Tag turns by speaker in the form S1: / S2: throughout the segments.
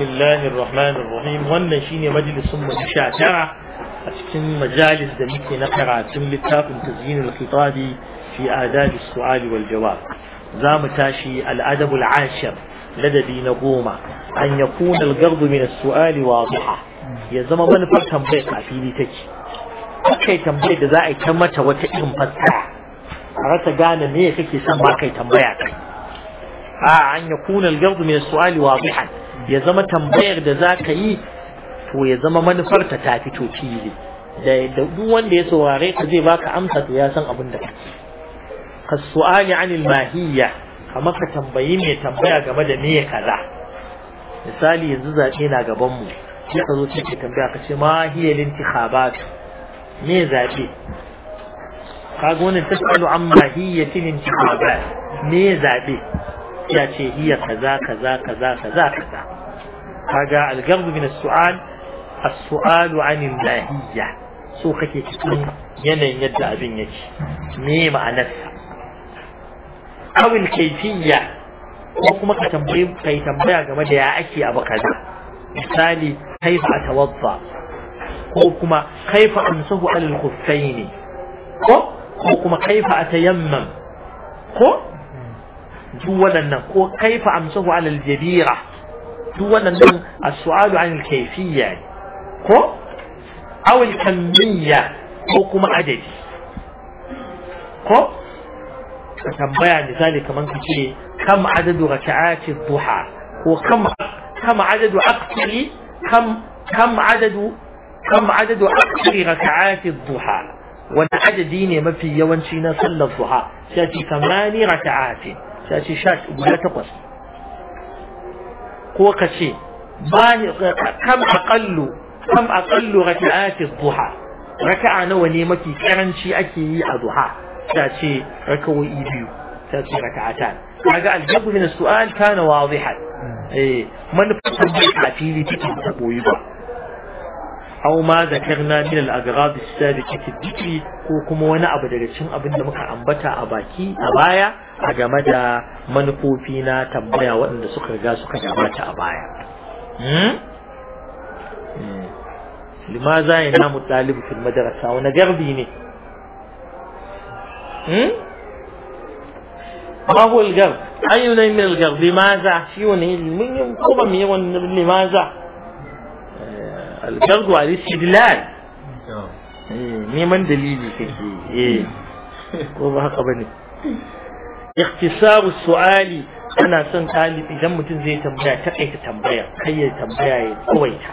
S1: بسم الله الرحمن الرحيم wannan shine majalisun mu 19 a cikin majalis da muke na karatun littafin tazyinul khitabi fi adab as-su'al wal jawab zamu tashi al-adab al-ashir ladabi na goma an yakuna al-ghardu min as-su'al wadiha ya zama manufar tambayar a fili take kai tambayar da za a yi ta mata wata irin fassara a rasa gane me kake son ba kai tambaya kai a an yakuna al-ghardu min as-su'al wadihan ya zama tambayar da za ka yi to ya zama manufarta ta fito fili da duk wanda ya saurare ka zai baka amsa to ya san abin da kake ka su'ali anil mahiyya kamar ka tambayi mai tambaya game da me kaza misali yanzu zaɓe na gaban mu sai ka zo cikin tambaya ka ce ma hiya lintikhabat me zaɓe kaga wannan tasalu an mahiyyatin intikhabat me zaɓe ya ce hiya kaza kaza kaza kaza kaza هذا القرض من السؤال السؤال عن الماهية سوخك يكتون ينين يدى أبنك ميم أنسى أو الكيفية وكما تنبغيب كي تنبغيب كما دعا أكي أبقى مثالي كيف أتوضى وكما كيف أمسه على الخفين وكما كيف أتيمم كو كيف أمسه على الجبيرة دولا السؤال عن الكيفية يعني. أو الكمية أو كما عددي ko ka tambaya misali kamar ka ce kam adadu raka'ati duha ko kam kam adadu aqsari kam kam adadu kam adadu aqsari raka'ati duha wani adadi ne mafi yawanci na sallar duha sai ce kamani raka'ati sai ce sha guda takwas ko ka ce kam aqallu kam aqallu raka'ati duha raka'a nawa ne mafi karanci ake yi a duha ta ce raka'o'i biyu ta ce raka'atan kaga aljabu min as-su'al kana wadihan eh manufar tambayar a fili take ta koyi ba aw ma zakarna min al-aghrad as fi dhikri ko kuma wani abu daga cikin abin da muka ambata a baki a baya a game da manufofi na tambaya waɗanda suka riga suka gabata a baya hmm? Hmm. limaza ya namu ɗalibu fil madarasa wani garbi ne ما هو القرض؟ أي نوع من القرض؟ لماذا؟ شيء من limaza الجرد على الاستدلال neman dalili kake eh, ko ba haka bane ikhtisaru su'ali ana son talibi idan mutum zai tambaya ta kaita tambaya kai ya tambaya ya tsawaita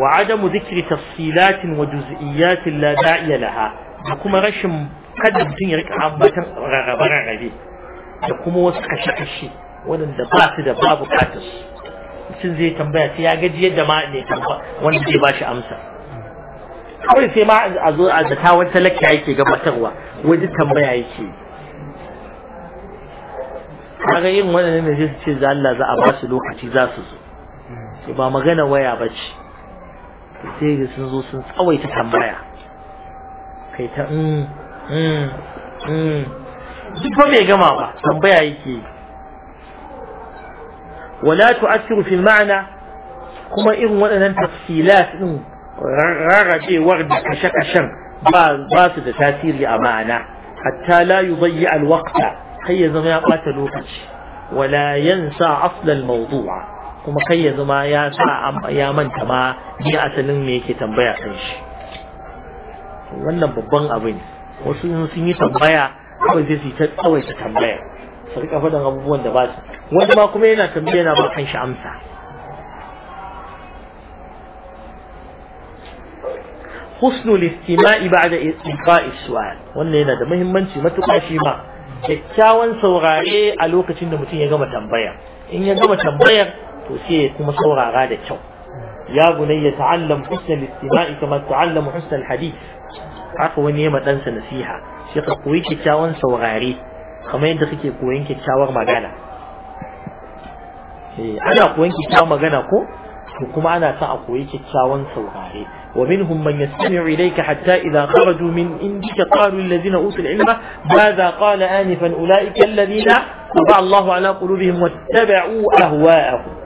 S1: wa adamu zikri tafsilatin wa juz'iyatin la da'iya laha da kuma rashin kada mutum ya rika ambatan rarrabe rarrabe da kuma wasu kashe-kashe waɗanda ba su da babu bukatar mutum zai tambaya sai ya gaji yadda ma ne tamba wanda zai ba shi amsa kawai sai ma a zo a zata wani talaka yake gabatarwa wani tambaya yake kaga yin wannan ne sai su ce za Allah za a ba su lokaci za su
S2: zo
S1: ba magana waya ba ce sai ga sun zo sun tsawaita tambaya kai ta mm, mm, mm. duk ba bai gama ba tambaya yake yi ولا تؤثر في المعنى كما إن وانا تفصيلات رغد ورد كشكل شر باسد تاثير لأمانة حتى لا يضيع الوقت خي زمان قات لوكش ولا ينسى أصل الموضوع كما خي زمان ياسا يا من كما جاءت لنميك تنبيع كنش ولا ببن أبن وسنسيني تنبيع أو زيزي تنبيع فريق أفضل أبوان دباسك wani ma kuma yana tambaya na ba shi amsa husnul ba da iqa'i su'al wannan yana da muhimmanci matuƙa shi ma kyakkyawan saurare a lokacin da mutum ya gama tambaya in ya gama tambayar to sai kuma saurara da kyau ya bunayya ta'allam husnul istima'i kama ta'allam husnul hadith haka wani ya ɗansa nasiha sai ka koyi kyakkyawan saurare kamar yadda kake koyon kyakkyawar magana ana koyon kyakkyawan magana ko to kuma ana sa a koyi kikkiawan saurare wa minhum man yastami'u ilayka hatta idha kharaju min indika qalu alladhina utul ilma madha qala anifan ulaika alladhina taba'a Allahu ala qulubihim wattaba'u ahwa'ahum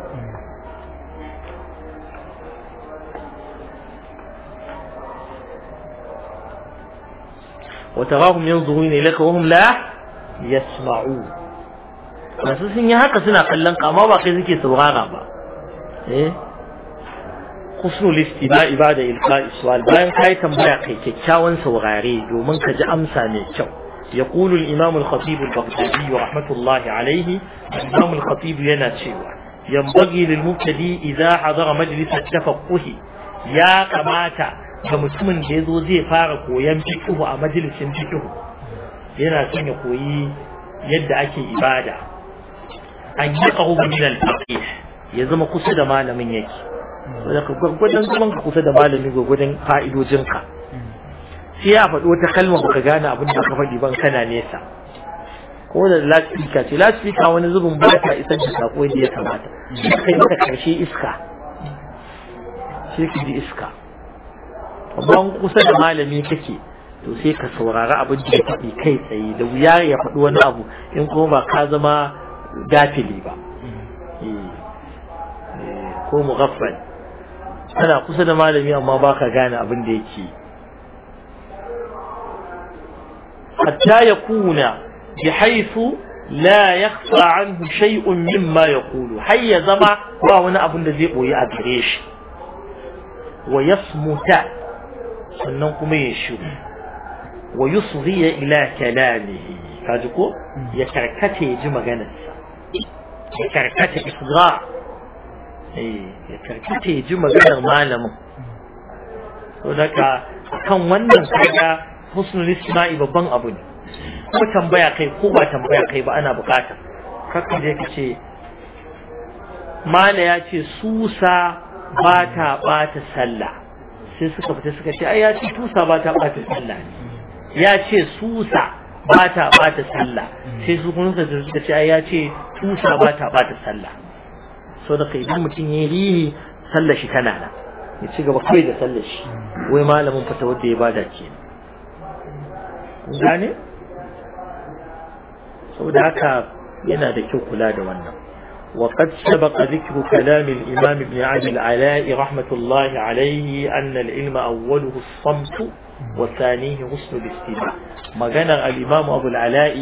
S1: وتراهم ينظرون إليك وهم لا يسمعون masu sun yi haka suna kallon ka amma ba kai suke saurara ba eh husnul istiba ibada ilqa iswal bayan kai tambaya kai kyakkyawan saurare domin ka ji amsa mai kyau يقول الإمام الخطيب البغدادي رحمة الله عليه الإمام الخطيب يناتشيوا ينبغي للمبتدي إذا حضر مجلس التفقه يا كماتا كمتمن جيزو زي فارق وينفقه مجلس ينفقه يناتشين يقوي يد أكي إبادة an yaqahu min al-faqih ya zama kusa da malamin yake saboda gwagwadon zaman ka kusa da malami gwagwadon fa'idojin ka sai ya faɗo ta kalma baka gane abin da ka faɗi ban kana nesa ko da lasfika ce lasfika wani zubin ba ta isar da sako yadda ya kamata kai ka karshe iska sai ji iska amma kusa da malami kake to sai ka saurari abin da ya faɗi kai tsaye da wuya ya faɗi wani abu in kuma ba ka zama gafili ba ko mughaffal ana kusa da malami amma baka gane abin da yake hatta yakuna bihaythu la yakhfa anhu shay'un mimma yaqulu har ya zama ba wani abin da zai boye a gare shi wa yasmuta sannan kuma ya shiru wa yusghiya ila kalamihi kaji ko ya karkace ya ji maganarsa ya karkata isra eh, ya karkata ya ji maganar malamin so daga kan wannan kaga husnul isma'i babban abu ne ko tambaya kai ko ba tambaya kai ba ana bukata kakka je ka ce mala ya ce susa ba ta bata sallah sai suka fita suka ce ai ya ce susa ba ta bata sallah ya ce susa ba ta bata sallah sai su kuma suka suka ce ai ya ce tusa ba bata sallah so da kai mutum ya rihi sallar shi tana nan ya ci gaba kai da sallar shi wai malamin fata wanda ya bada ke gane saboda haka yana da kyau kula da wannan وقد سبق ذكر كلام الإمام ابن عبد العلاء رحمة الله عليه أن العلم أوله الصمت وثانيه حسن الاستماع مجانا الإمام أبو العلاء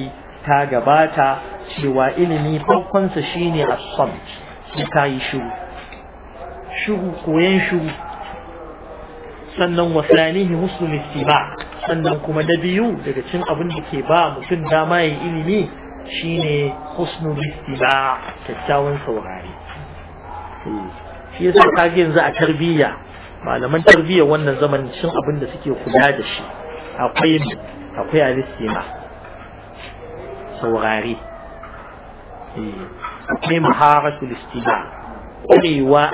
S1: ta gabata cewa ilimi farkonsa shine as-samt sai ta yi shiru shiru koyan shiru sannan wasanihi husnul istiba sannan kuma da biyu daga cin abin da ke ba mutum dama yin ilimi shine husnul istiba kyakkyawan saurari eh, shi yasa kage yanzu a tarbiyya malaman tarbiyya wannan zaman cin abin da suke kula da shi akwai akwai alistima Saurari. akwai maharatul istima ƙwarewa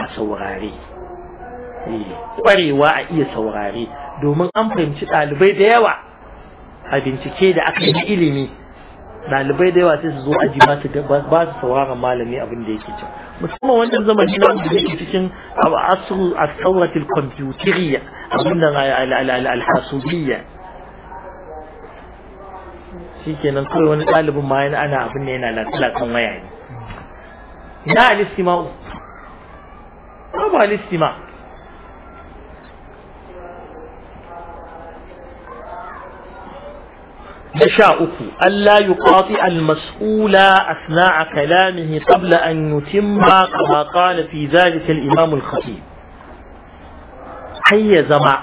S1: a a iya saurare domin an fahimci ɗalibai da yawa a bincike da aka yi ilimi ɗalibai da yawa sai su zo aji ba su sauraron malami abin da yake can musamman wannan zamani na da yake cikin asru a sauratul kwamfutiriya abin da alhasubiyya shikenan kawai wani dalibin ma yana ana abin ne yana latsa waya ne na alistima'u ba alistima da sha uku Allah yi kwafi almas'ula asna a kalamihi qabla an yutimma kama qala fi zalika al-imam al-khatib hayya zama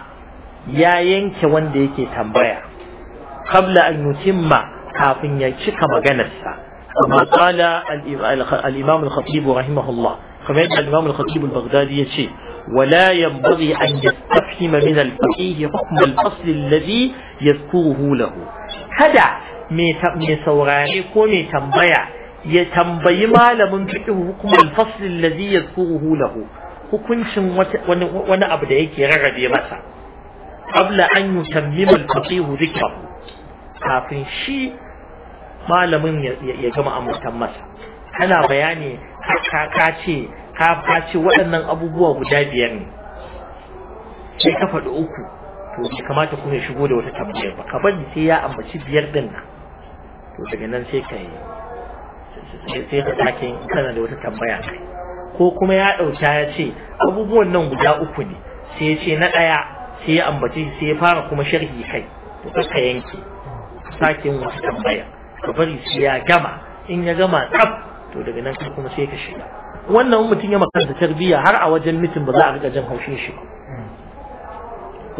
S1: ya yanke wanda yake tambaya qabla an yutimma كافين يشك مجنسا كما قال الإمام الخطيب رحمه الله كما قال الإمام الخطيب البغدادي يشي ولا ينبغي أن يستفهم من الفقيه حكم الأصل الذي يذكره له هذا من سوراني كومي تنبيع يتنبي ما لم ينبغي حكم الفصل الذي يذكره له حكم وانا أبدأيك رغب يمسا قبل أن يتمم الفقيه ذكره كافن شيء malamin ya gama amurkan masa kana bayani ka ce ka ce waɗannan abubuwa guda biyar ne sai ka faɗi uku to bai kamata kuma ya shigo da wata tambayar ba ka bari sai ya ambaci biyar ɗin nan to daga nan sai ka yi sai ka sake kana da wata tambaya kai ko kuma ya ɗauka ya ce abubuwan nan guda uku ne sai ya ce na ɗaya sai ya ambaci sai ya fara kuma sharhi kai to ka yanke sake wata tambaya ka bari sai ya gama in ya gama tsaf to daga nan kuma sai ka shiga wannan mutum ya da tarbiyya har a wajen mitin ba za a riga jin haushin shi ba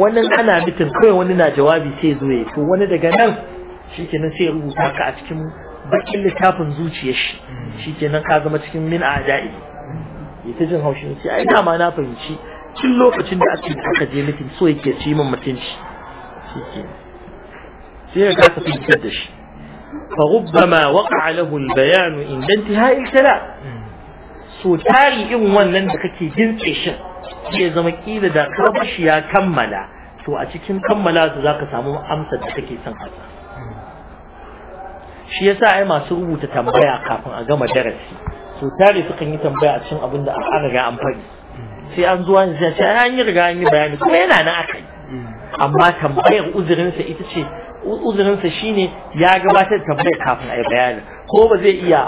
S1: wannan ana mitin kawai wani na jawabi sai zo ya to wani daga nan shikenan sai rubuta ka a cikin bakin littafin zuciyar shi shikenan ka zama cikin min ajai ya ta jin haushin sai ai dama na fahimci cikin lokacin da ake aka je mitin so yake ci min mutunci shikenan sai ya kasa fitar da shi فربما وقع له البيان عند انتهاء الكلام سو تاري ان wannan da kake jinse shi zai zama kila da karbashi ya kammala to a cikin kammala su zaka samu amsar da kake son ka shi yasa ai masu rubuta tambaya kafin a gama darasi so su sukan yi tambaya a cikin abin da an riga an fadi sai an zuwa ne sai an yi riga an yi bayani kuma yana nan akai amma tambayar uzurinsa ita ce uzurinsa shine ya gabatar tambayar kafin a yi bayani ko ba zai iya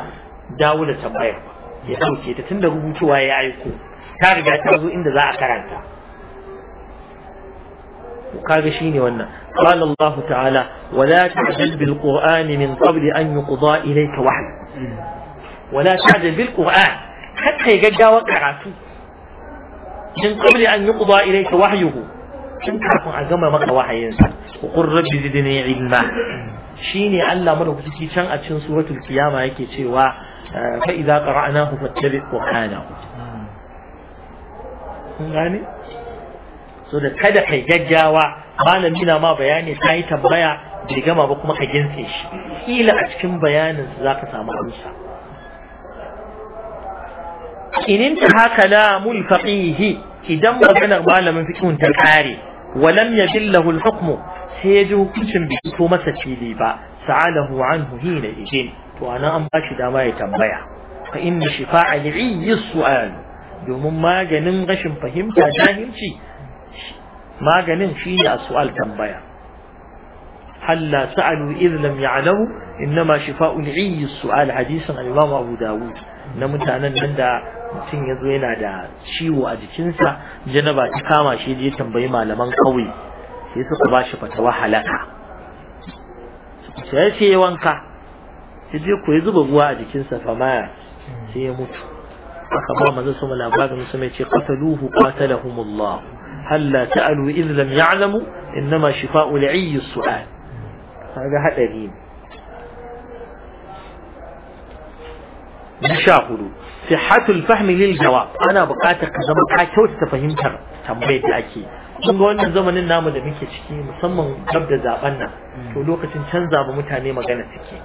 S1: dawo da tambayar ba ya dauke ta tunda rubutuwa ya aiko ta riga ta zo inda za a karanta kaga shine wannan قال الله تعالى ولا تعجل بالقرآن من قبل أن يقضى إليك وحي ولا تعجل بالقرآن حتى يجد وقعته من قبل أن يقضى إليك وحيه إن كافر أجمع مك وحيين وقل rabbi zidni ilma shine Allah madaukaki can a cikin suratul qiyama yake cewa fa idza qara'nahu fattabi qur'anahu so da kada kai gaggawa malami na ma bayani kai tambaya bai gama ba kuma ka gintse shi kila a cikin bayanin zaka samu amsa inin ta haka la mulfaqihi idan maganar malamin fikihun ta kare ولم يدله الحكم sai ya ji hukuncin bai fito masa fili ba sa'alahu anhu hina idin to anan an bashi dama ya tambaya fa inna shifa'a li'i su'al domin maganin rashin fahimta jahilci maganin shine a su'al tambaya halla sa'alu idh lam ya'lamu innama shifa'u li'i su'al hadisin al-imam Abu Dawud na mutanen nan da mutum ya zo yana da ciwo a jikinsa janaba ta kama shi je tambayi malaman kauye sai suka ba shi fatawa halaka sai sai wanka sai je ku ya zuba ruwa a jikin sa fa ma sai ya mutu aka ba manzo sama labarin su mai ce qataluhu qatalahumullah halla ta'alu idh lam ya'lamu inma shifa'u li'i su'al kaga hadari ne sha hudu sihhatul fahmi lil jawab ana buƙatar ka zama ka kyautata fahimtar tambayar da ake kun ga wannan zamanin namu da muke ciki musamman gab da zaben nan to lokacin canza ba mutane magana take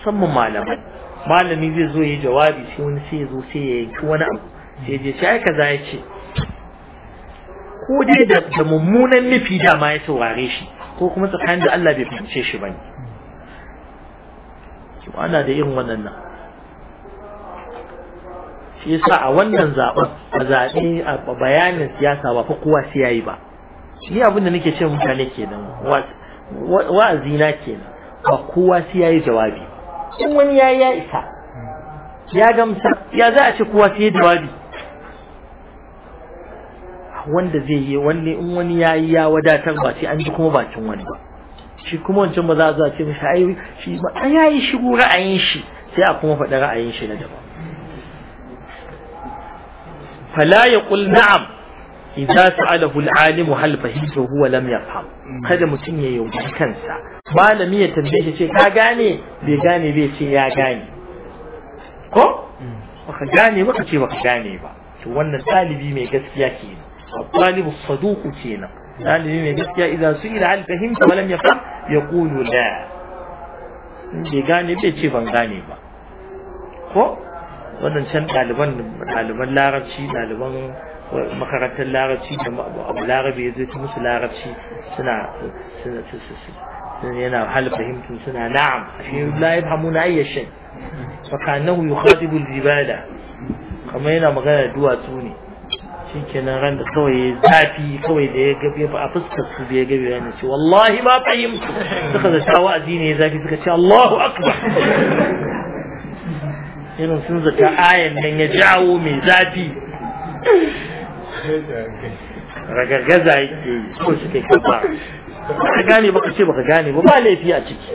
S1: musamman malamai malami zai zo yi jawabi sai wani sai ya zo sai ya yanki wani abu sai je sai kaza ya ce ko dai da mummunan nufi dama ya saurare shi ko kuma tsakanin da Allah bai fahimce shi ba bane ana da irin wannan nan shi yasa a wannan zaben a zaɓe a bayanin siyasa ba fa kowa sai yayi ba shi abin da nake ce mutane kenan wa'azina kenan ba kowa sai yayi jawabi in wani yayi ya isa ya gamsa ya za a ce kowa sai jawabi wanda zai yi wani in wani yayi ya wadatar ba sai an ji kuma bakin wani ba shi kuma wancan ba za a zo a ce mishi ayi shi ba yayi shigo ra'ayin shi sai a kuma faɗi ra'ayin shi na daban فلا يقول نعم إذا سأله العالم هل فهمت وهو لم يفهم هذا متنية يوم كنسا ما لم يتنبيه شيء كاغاني بيغاني بيتي يا غاني كو وكاغاني وكتي وكاغاني با وانا سالبي مي قسكيا كين الطالب الصدوق كين سالبي مي قسكيا إذا سئل هل فهمت ولم يفهم يقول لا بيغاني بيتي فانغاني با كو wannan can ɗaliban ɗaliban larabci ɗaliban makarantar larabci da abu larabe ya zai ta musu larabci suna suna suna yana hal fahimtun suna na'am a shi la yafhamu na ayya shay fa kanahu yukhatibu al-jibala kama yana magana duwatsu ne shi kenan ran da kawai ya zafi kawai da ya gabe a fuskar su da ya gabe yana ce wallahi ma fahimtu suka zata wa'azi ne ya zafi suka ce Allahu akbar irin sun zata ayan nan ya jawo mai zafi ragargaza yake ko suke kafa ka gane ba ka ce ba ka gane ba ba laifi a ciki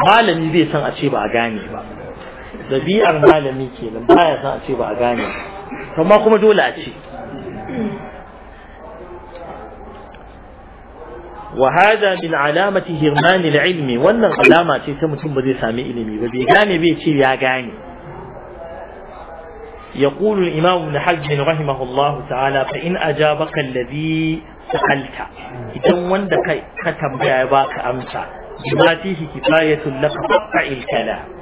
S1: malami bai san a ce ba a gane ba dabi'ar malami kenan baya san a ce ba a gane ba kuma dole a ce wa hada min alamati hirman ilmi wannan alama ce ta mutum ba zai sami ilimi ba bai gane bai ce ya gane يقول الإمام ابن حزم رحمه الله تعالى فإن أجابك الذي سألت إذا وندك كتم جايباك أمسى بما فيه كفاية لك فقع الكلام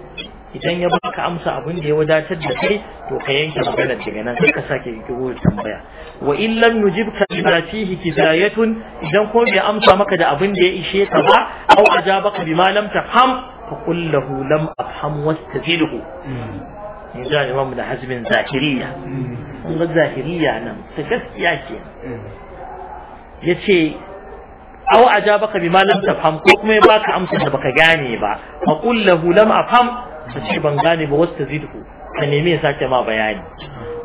S1: idan ya baka amsa abin da ya wadatar da kai to ka yanke magana daga nan sai ka sake kiro tambaya wa in lam nujibka bima fihi kidayatun idan ko bai amsa maka da abin da ya ishe ka ba aw ajabaka bima lam tafham fa qul lahu lam afham wastazidhu hmm. in ja imam da hazbin zahiriya hmm. kun ga zahiriya nan ta gaskiya ke hmm. yace aw ajabaka bima lam tafham ko kuma ya baka amsa da baka gane ba fa qul lahu lam afham ka ce ban gane ba wasu tazidhu ka nemi ya sake ma bayani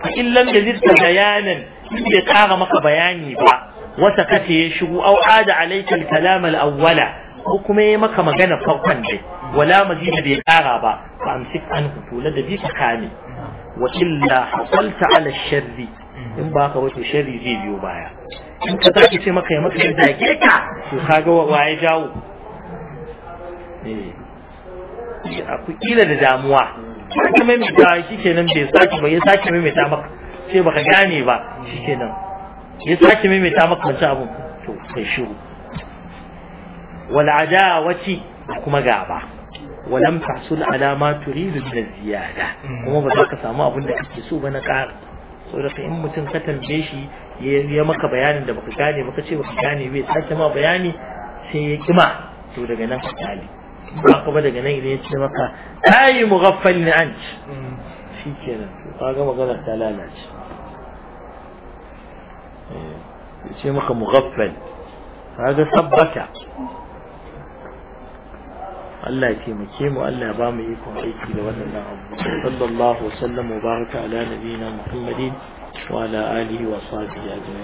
S1: fa in lam yazidka bayanan in bai kara maka bayani ba wata kace ya shigo au ada alayka al-kalam al-awwala ko kuma yayi maka magana farkon dai wala mazina bai kara ba fa amsik an hutula da bi ka kame wa illa hasalta ala sharri in ba ka wato sharri zai biyo baya in ka sake ce maka ya maka yadda ka to kaga wa ya jawo eh A kila da damuwa ka mita shi kenan bai sake ba ya sake maimaita maka sai baka gane ba shi kenan ya sake mita maka wancan abun to kai shiru wal adawati kuma gaba walam tahsul ala ma turidu min ziyada kuma ba za ka samu abin da kake so ba na ƙara saboda in mutum ka tambaye shi ya maka bayanin da baka gane baka ce baka gane bai sake ma bayani sai ya kima to daga nan ka tsali عقبة جنيه ليه كده مكة هاي مغفل نانج في كذا طاقة ما قدر تلال نانج شيء مكة مغفل هذا صبرك الله يكيم كيم الله يبام إيكم أي كده وأنا صلى الله وسلم وبارك على نبينا محمد وعلى آله
S2: وصحبه أجمعين